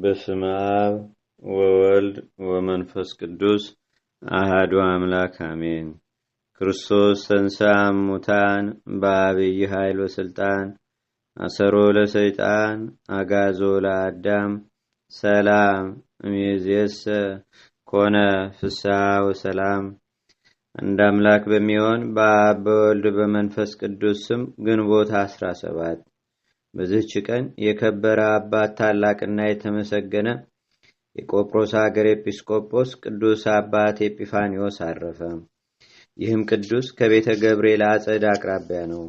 በስመ አብ ወወልድ ወመንፈስ ቅዱስ አህዱ አምላክ አሜን። ክርስቶስ ተንሳ ሙታን በአብይ ኃይል ወስልጣን አሰሮ ለሰይጣን አጋዞ ለአዳም ሰላም ሚዝየሰ ኮነ ፍስሐ ወሰላም። እንደ አምላክ በሚሆን በአብ በወልድ በመንፈስ ቅዱስ ስም ግንቦት አስራ ሰባት በዚህች ቀን የከበረ አባት ታላቅና የተመሰገነ የቆጵሮስ ሀገር ኤጲስቆጶስ ቅዱስ አባት ኤጲፋኒዎስ አረፈ። ይህም ቅዱስ ከቤተ ገብርኤል አጸድ አቅራቢያ ነው።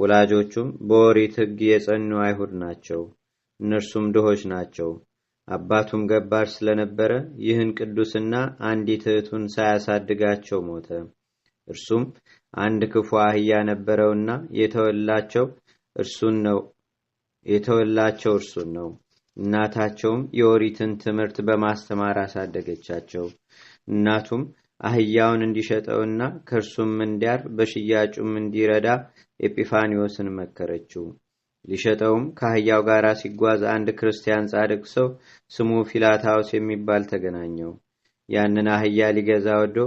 ወላጆቹም በወሪት ሕግ የጸኑ አይሁድ ናቸው። እነርሱም ድሆች ናቸው። አባቱም ገባር ስለነበረ ይህን ቅዱስና አንዲት እህቱን ሳያሳድጋቸው ሞተ። እርሱም አንድ ክፉ አህያ ነበረውና የተወላቸው እርሱን ነው የተወላቸው እርሱን ነው። እናታቸውም የኦሪትን ትምህርት በማስተማር አሳደገቻቸው። እናቱም አህያውን እንዲሸጠውና ከእርሱም እንዲያር በሽያጩም እንዲረዳ ኤጲፋኒዎስን መከረችው። ሊሸጠውም ከአህያው ጋር ሲጓዝ አንድ ክርስቲያን ጻድቅ ሰው ስሙ ፊላታዎስ የሚባል ተገናኘው። ያንን አህያ ሊገዛ ወዶ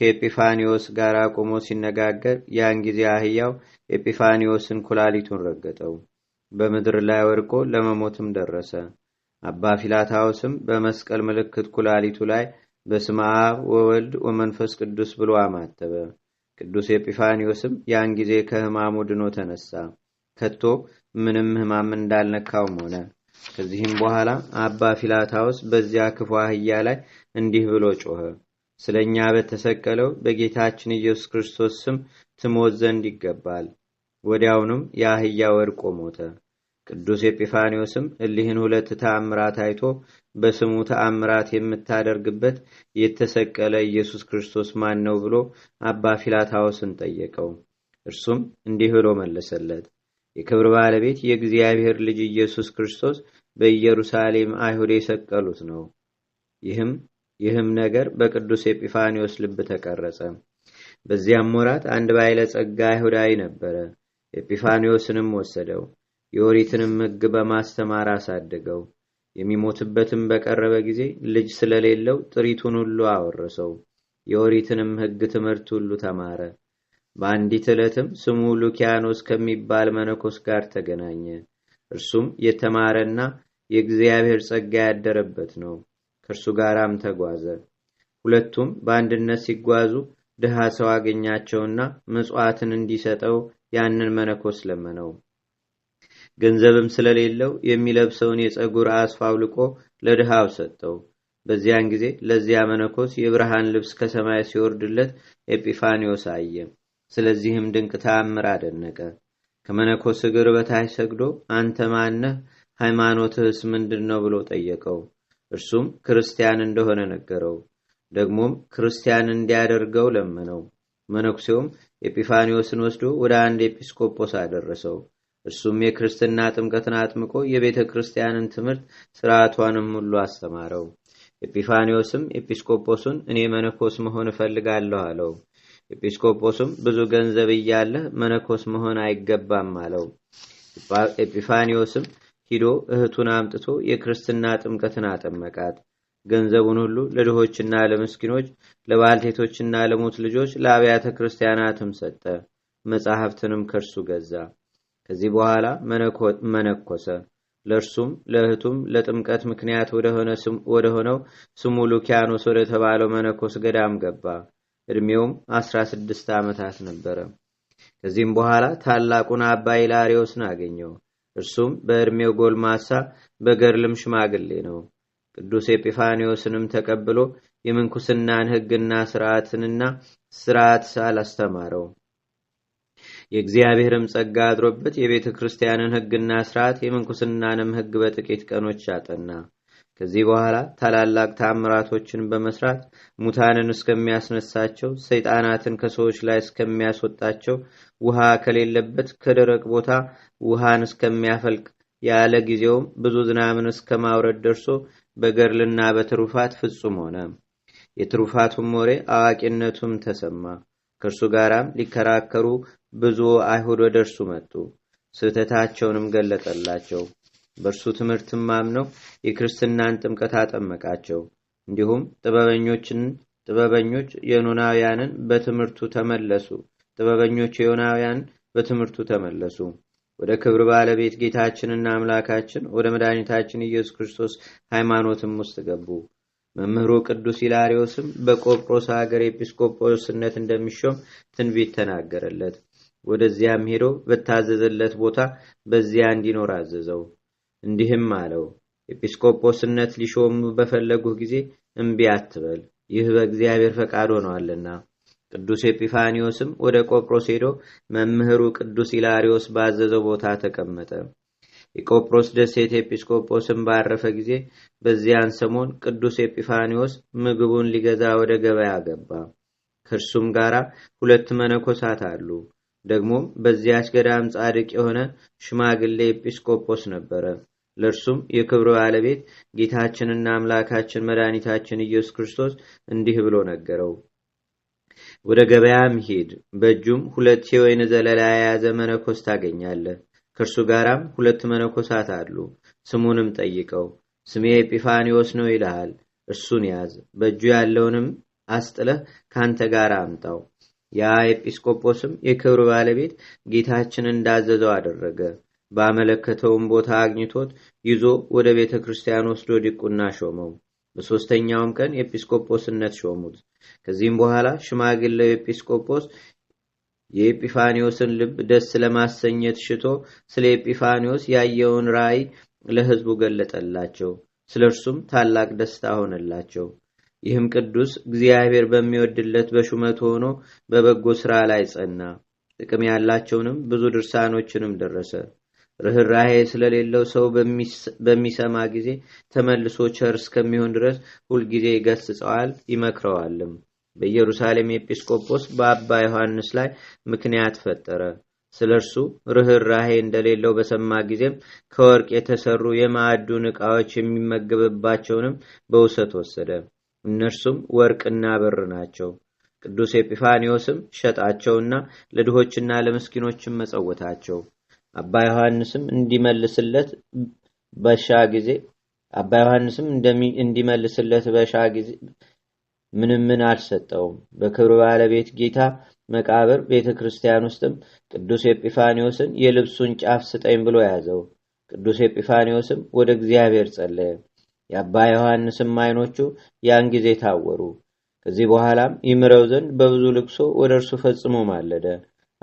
ከኤጲፋኒዎስ ጋር ቆሞ ሲነጋገር ያን ጊዜ አህያው ኤጲፋኒዎስን ኩላሊቱን ረገጠው። በምድር ላይ ወድቆ ለመሞትም ደረሰ። አባ ፊላታዎስም በመስቀል ምልክት ኩላሊቱ ላይ በስመ አብ ወወልድ ወመንፈስ ቅዱስ ብሎ አማተበ። ቅዱስ ኤጲፋኒዎስም ያን ጊዜ ከሕማሙ ድኖ ተነሳ። ከቶ ምንም ሕማም እንዳልነካውም ሆነ። ከዚህም በኋላ አባ ፊላታዎስ በዚያ ክፉ አህያ ላይ እንዲህ ብሎ ጮኸ። ስለ እኛ በተሰቀለው በጌታችን ኢየሱስ ክርስቶስ ስም ትሞት ዘንድ ይገባል። ወዲያውንም የአህያ ወድቆ ሞተ። ቅዱስ ኤጲፋኒዎስም እሊህን ሁለት ተአምራት አይቶ በስሙ ተአምራት የምታደርግበት የተሰቀለ ኢየሱስ ክርስቶስ ማን ነው ብሎ አባ ፊላታዎስን ጠየቀው። እርሱም እንዲህ ብሎ መለሰለት። የክብር ባለቤት የእግዚአብሔር ልጅ ኢየሱስ ክርስቶስ በኢየሩሳሌም አይሁድ የሰቀሉት ነው። ይህም ይህም ነገር በቅዱስ ኤጲፋኒዎስ ልብ ተቀረጸ። በዚያም ወራት አንድ ባይለ ጸጋ አይሁዳዊ ነበረ። ኤጲፋንዮስንም ወሰደው፣ የኦሪትንም ሕግ በማስተማር አሳደገው። የሚሞትበትም በቀረበ ጊዜ ልጅ ስለሌለው ጥሪቱን ሁሉ አወረሰው። የኦሪትንም ሕግ ትምህርት ሁሉ ተማረ። በአንዲት ዕለትም ስሙ ሉኪያኖስ ከሚባል መነኮስ ጋር ተገናኘ። እርሱም የተማረና የእግዚአብሔር ጸጋ ያደረበት ነው። ከእርሱ ጋራም ተጓዘ። ሁለቱም በአንድነት ሲጓዙ ድሃ ሰው አገኛቸውና ምጽዋትን እንዲሰጠው ያንን መነኮስ ለመነው። ገንዘብም ስለሌለው የሚለብሰውን የፀጉር አስፋ አውልቆ ለድሃው ሰጠው። በዚያን ጊዜ ለዚያ መነኮስ የብርሃን ልብስ ከሰማይ ሲወርድለት ኤጲፋኒዮስ አየ። ስለዚህም ድንቅ ተአምር አደነቀ። ከመነኮስ እግር በታች ሰግዶ አንተ ማነህ? ሃይማኖትህስ ምንድን ነው ብሎ ጠየቀው። እርሱም ክርስቲያን እንደሆነ ነገረው። ደግሞም ክርስቲያን እንዲያደርገው ለመነው። መነኩሴውም ኤጲፋኒዎስን ወስዶ ወደ አንድ ኤጲስቆጶስ አደረሰው። እርሱም የክርስትና ጥምቀትን አጥምቆ የቤተ ክርስቲያንን ትምህርት ስርዓቷንም ሁሉ አስተማረው። ኤጲፋኒዎስም ኤጲስቆጶሱን እኔ መነኮስ መሆን እፈልጋለሁ አለው። ኤጲስቆጶስም ብዙ ገንዘብ እያለህ መነኮስ መሆን አይገባም አለው። ኤጲፋኒዎስም ሂዶ እህቱን አምጥቶ የክርስትና ጥምቀትን አጠመቃት። ገንዘቡን ሁሉ ለድሆችና ለምስኪኖች ለባልቴቶችና ለሙት ልጆች ለአብያተ ክርስቲያናትም ሰጠ መጻሕፍትንም ከእርሱ ገዛ ከዚህ በኋላ መነኮሰ ለእርሱም ለእህቱም ለጥምቀት ምክንያት ወደሆነው ስሙ ሉኪያኖስ ወደ ተባለው መነኮስ ገዳም ገባ ዕድሜውም ስድስት ዓመታት ነበረ ከዚህም በኋላ ታላቁን አባ ኢላሪዮስን አገኘው እርሱም በዕድሜው ጎልማሳ በገርልም ሽማግሌ ነው ቅዱስ ኤጲፋኒዎስንም ተቀብሎ የምንኩስናን ሕግና ስርዓትንና ስርዓት አላስተማረው። የእግዚአብሔርም ጸጋ አድሮበት የቤተ ክርስቲያንን ሕግና ስርዓት የምንኩስናንም ሕግ በጥቂት ቀኖች አጠና። ከዚህ በኋላ ታላላቅ ታምራቶችን በመስራት ሙታንን እስከሚያስነሳቸው፣ ሰይጣናትን ከሰዎች ላይ እስከሚያስወጣቸው፣ ውሃ ከሌለበት ከደረቅ ቦታ ውሃን እስከሚያፈልቅ ያለ ጊዜውም ብዙ ዝናብን እስከ ማውረድ ደርሶ በገርልና በትሩፋት ፍጹም ሆነ። የትሩፋቱም ወሬ አዋቂነቱም ተሰማ። ከእርሱ ጋራም ሊከራከሩ ብዙ አይሁድ ወደ እርሱ መጡ። ስህተታቸውንም ገለጠላቸው። በእርሱ ትምህርትም ማምነው የክርስትናን ጥምቀት አጠመቃቸው። እንዲሁም ጥበበኞችን ጥበበኞች የኖናውያንን በትምህርቱ ተመለሱ ጥበበኞች የዮናውያን በትምህርቱ ተመለሱ። ወደ ክብር ባለቤት ጌታችንና አምላካችን ወደ መድኃኒታችን ኢየሱስ ክርስቶስ ሃይማኖትም ውስጥ ገቡ። መምህሩ ቅዱስ ኢላሪዮስም በቆጵሮስ ሀገር ኤጲስቆጶስነት እንደሚሾም ትንቢት ተናገረለት። ወደዚያም ሄዶ በታዘዘለት ቦታ በዚያ እንዲኖር አዘዘው። እንዲህም አለው፣ ኤጲስቆጶስነት ሊሾሙ በፈለጉህ ጊዜ እምቢ አትበል፣ ይህ በእግዚአብሔር ፈቃድ ሆነዋልና ቅዱስ ኤጲፋኒዎስም ወደ ቆጵሮስ ሄዶ መምህሩ ቅዱስ ኢላሪዎስ ባዘዘው ቦታ ተቀመጠ። የቆጵሮስ ደሴት ኤጲስቆጶስን ባረፈ ጊዜ በዚያን ሰሞን ቅዱስ ኤጲፋኒዎስ ምግቡን ሊገዛ ወደ ገበያ ገባ። ከእርሱም ጋር ሁለት መነኮሳት አሉ። ደግሞም በዚያች ገዳም ጻድቅ የሆነ ሽማግሌ ኤጲስቆጶስ ነበረ። ለእርሱም የክብሩ ባለቤት ጌታችንና አምላካችን መድኃኒታችን ኢየሱስ ክርስቶስ እንዲህ ብሎ ነገረው። ወደ ገበያም ሂድ፣ በእጁም ሁለት የወይን ዘለላ የያዘ መነኮስ ታገኛለህ። ከእርሱ ጋራም ሁለት መነኮሳት አሉ። ስሙንም ጠይቀው፣ ስሜ ኤጲፋኒዎስ ነው ይልሃል። እርሱን ያዝ፣ በእጁ ያለውንም አስጥለህ ከአንተ ጋር አምጣው። ያ ኤጲስቆጶስም የክብር ባለቤት ጌታችን እንዳዘዘው አደረገ። ባመለከተውም ቦታ አግኝቶት ይዞ ወደ ቤተ ክርስቲያን ወስዶ ዲቁና ሾመው። በሦስተኛውም ቀን ኤጲስቆጶስነት ሾሙት። ከዚህም በኋላ ሽማግሌው ኤጲስቆጶስ የኤጲፋኒዎስን ልብ ደስ ለማሰኘት ሽቶ ስለ ኤጲፋኒዎስ ያየውን ራእይ ለሕዝቡ ገለጠላቸው። ስለ እርሱም ታላቅ ደስታ ሆነላቸው። ይህም ቅዱስ እግዚአብሔር በሚወድለት በሹመት ሆኖ በበጎ ሥራ ላይ ጸና። ጥቅም ያላቸውንም ብዙ ድርሳኖችንም ደረሰ። ርኅራሄ ስለሌለው ሰው በሚሰማ ጊዜ ተመልሶ ቸር እስከሚሆን ድረስ ሁልጊዜ ይገስጸዋል ይመክረዋልም። በኢየሩሳሌም ኤጲስቆጶስ በአባ ዮሐንስ ላይ ምክንያት ፈጠረ። ስለ እርሱ ርኅራሄ እንደሌለው በሰማ ጊዜም ከወርቅ የተሰሩ የማዕዱን ዕቃዎች የሚመገብባቸውንም በውሰት ወሰደ። እነርሱም ወርቅና ብር ናቸው። ቅዱስ ኤጲፋኒዎስም ሸጣቸውና ለድሆችና ለምስኪኖችም መጸወታቸው። አባ ዮሐንስም እንዲመልስለት በሻ ጊዜ አባ ዮሐንስም እንዲመልስለት በሻ ጊዜ ምንም ምን አልሰጠውም። በክብር ባለቤት ጌታ መቃብር ቤተ ክርስቲያን ውስጥም ቅዱስ ኤጲፋኒዎስን የልብሱን ጫፍ ስጠኝ ብሎ ያዘው። ቅዱስ ኤጲፋኒዎስም ወደ እግዚአብሔር ጸለየ። የአባ ዮሐንስም ዓይኖቹ ያን ጊዜ ታወሩ። ከዚህ በኋላም ይምረው ዘንድ በብዙ ልቅሶ ወደ እርሱ ፈጽሞ ማለደ።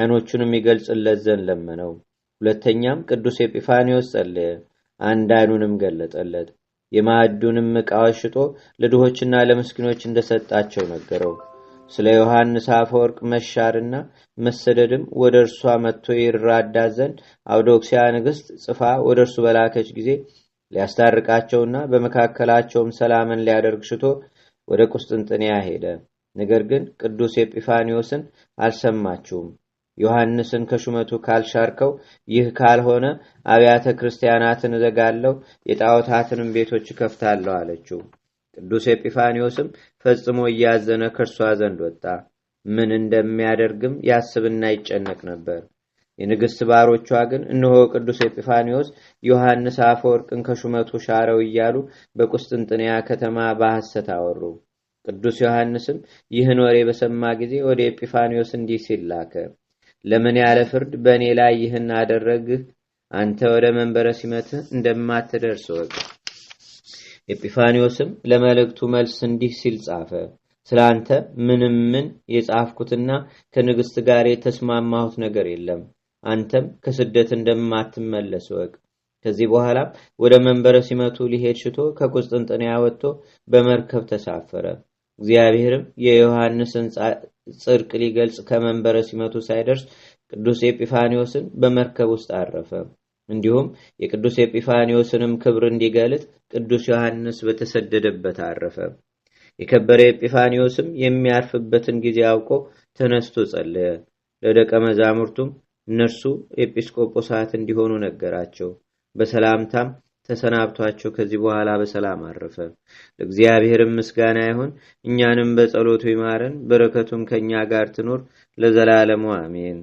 ዓይኖቹንም ይገልጽለት ዘንድ ለመነው። ሁለተኛም ቅዱስ ኤጲፋኒዎስ ጸለየ፣ አንድ ገለጠለት። የማዕዱንም ዕቃዎች ሽጦ ለድሆችና ለምስኪኖች እንደሰጣቸው ነገረው። ስለ ዮሐንስ አፈወርቅ መሻርና መሰደድም ወደ እርሷ መጥቶ ይራዳ ዘንድ አውዶክሲያ ንግሥት ጽፋ ወደ እርሱ በላከች ጊዜ ሊያስታርቃቸውና በመካከላቸውም ሰላምን ሊያደርግ ሽቶ ወደ ቁስጥንጥንያ ሄደ። ነገር ግን ቅዱስ ኤጲፋኒዎስን አልሰማችውም። ዮሐንስን ከሹመቱ ካልሻርከው፣ ይህ ካልሆነ አብያተ ክርስቲያናትን እዘጋለሁ፣ የጣዖታትንም ቤቶች እከፍታለሁ አለችው። ቅዱስ ኤጲፋኒዎስም ፈጽሞ እያዘነ ከእርሷ ዘንድ ወጣ። ምን እንደሚያደርግም ያስብና ይጨነቅ ነበር። የንግሥት ባሮቿ ግን እነሆ ቅዱስ ኤጲፋኒዎስ ዮሐንስ አፈወርቅን ከሹመቱ ሻረው እያሉ በቁስጥንጥንያ ከተማ በሐሰት አወሩ። ቅዱስ ዮሐንስም ይህን ወሬ በሰማ ጊዜ ወደ ኤጲፋኒዎስ እንዲህ ሲል ላከ። ለምን ያለ ፍርድ በእኔ ላይ ይህን አደረግህ? አንተ ወደ መንበረ ሲመትህ እንደማትደርስ ወቅ። ኤጲፋኒዎስም ለመልእክቱ መልስ እንዲህ ሲል ጻፈ። ስለ አንተ ምንም ምን የጻፍኩትና ከንግሥት ጋር የተስማማሁት ነገር የለም። አንተም ከስደት እንደማትመለስ ወቅ። ከዚህ በኋላም ወደ መንበረ ሲመቱ ሊሄድ ሽቶ ከቁስጥንጥንያ ወጥቶ በመርከብ ተሳፈረ። እግዚአብሔርም የዮሐንስን ጽድቅ ሊገልጽ ከመንበረ ሲመቱ ሳይደርስ ቅዱስ ኤጲፋኒዎስን በመርከብ ውስጥ አረፈ። እንዲሁም የቅዱስ ኤጲፋኒዎስንም ክብር እንዲገልጥ ቅዱስ ዮሐንስ በተሰደደበት አረፈ። የከበረ ኤጲፋኒዎስም የሚያርፍበትን ጊዜ አውቆ ተነስቶ ጸለየ። ለደቀ መዛሙርቱም እነርሱ ኤጲስቆጶሳት እንዲሆኑ ነገራቸው። በሰላምታም ተሰናብቷቸው ከዚህ በኋላ በሰላም አረፈ። ለእግዚአብሔርም ምስጋና ይሁን፣ እኛንም በጸሎቱ ይማረን፣ በረከቱም ከእኛ ጋር ትኑር ለዘላለሙ አሜን።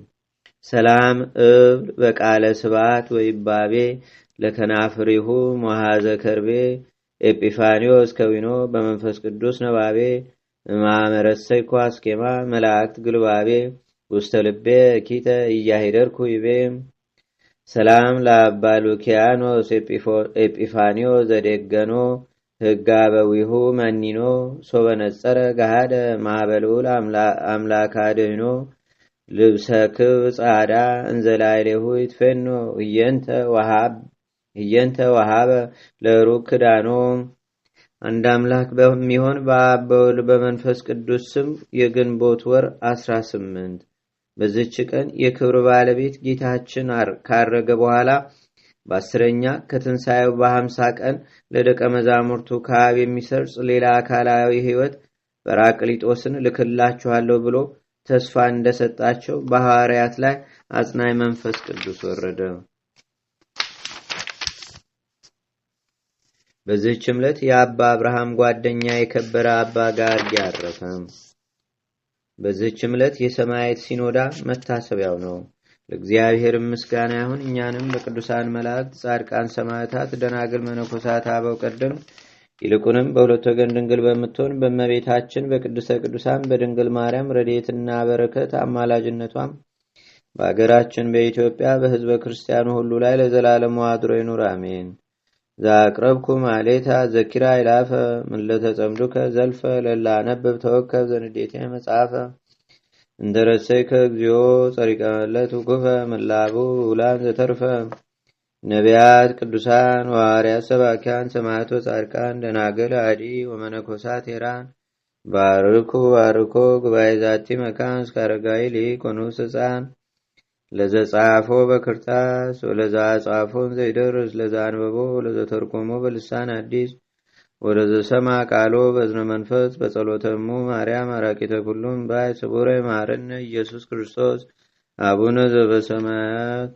ሰላም እብል በቃለ ስባት ወይባቤ ለከናፍሪሁ መሐዘ ከርቤ ኤጲፋኒዎስ ከዊኖ በመንፈስ ቅዱስ ነባቤ ማመረሰይ ኳስኬማ መላእክት ግልባቤ ውስተ ልቤ ኪተ እያሂደርኩ ይቤም ሰላም ለአባ ሉኪያኖስ ኤጲፋኒዮ ዘደገኖ ህጋ በዊሁ መኒኖ ሶበነጸረ ጋሃደ ማበልዑል አምላካ ድህኖ ልብሰ ክብ ጻዳ እንዘላይሌሁ ይትፌኖ እየንተ ወሃበ ለሩቅ ክዳኖ። አንድ አምላክ በሚሆን በአብ በወልድ በመንፈስ ቅዱስ ስም የግንቦት ወር አስራ ስምንት በዚህች ቀን የክብር ባለቤት ጌታችን ካረገ በኋላ በአስረኛ ከትንሣኤው በሀምሳ ቀን ለደቀ መዛሙርቱ ከአብ የሚሰርጽ ሌላ አካላዊ ሕይወት በራቅሊጦስን ልክላችኋለሁ ብሎ ተስፋ እንደሰጣቸው በሐዋርያት ላይ አጽናይ መንፈስ ቅዱስ ወረደ። በዚህች ዕለት የአባ አብርሃም ጓደኛ የከበረ አባ ጋርጌ አረፈ። በዚህችም ዕለት የሰማያት ሲኖዳ መታሰቢያው ነው። ለእግዚአብሔር ምስጋና ይሁን። እኛንም በቅዱሳን መላእክት፣ ጻድቃን፣ ሰማዕታት፣ ደናግል፣ መነኮሳት፣ አበው ቀደም ይልቁንም በሁለት ወገን ድንግል በምትሆን በእመቤታችን በቅዱሰ ቅዱሳን በድንግል ማርያም ረዴትና በረከት አማላጅነቷም በአገራችን በኢትዮጵያ በህዝበ ክርስቲያኑ ሁሉ ላይ ለዘላለም አድሮ ይኑር። አሜን። ዛቅረብኩ ማሌታ ዘኪራ ይላፈ ምለተጸምዱከ ዘልፈ ለላነበብ ተወከብ ዘንዴቴ መጽሐፈ እንደረሰይከ እግዚኦ ጸሪቀመለት ውኩፈ ምላቡ ውላን ዘተርፈ ነቢያት ቅዱሳን ዋርያት ሰባኪያን ሰማዕቶ ጻድቃን ደናገል አዲ ወመነኮሳ ቴራን ባርኩ ባርኮ ጉባኤ ዛቲ መካን እስካረጋይ ሊቆኑስ ህፃን ለዘ ጻፎ በክርታስ ወለዛ ጻፎም ዘይደርስ ለዛ አንበቦ ለዘ ተርጎሞ በልሳን አዲስ ወለዘ ሰማ ቃሎ በዝነ መንፈስ በጸሎተሙ ማርያም አራቂተ ኩሉም ባይ ስቡረ ማረነ ኢየሱስ ክርስቶስ አቡነ ዘበሰማያት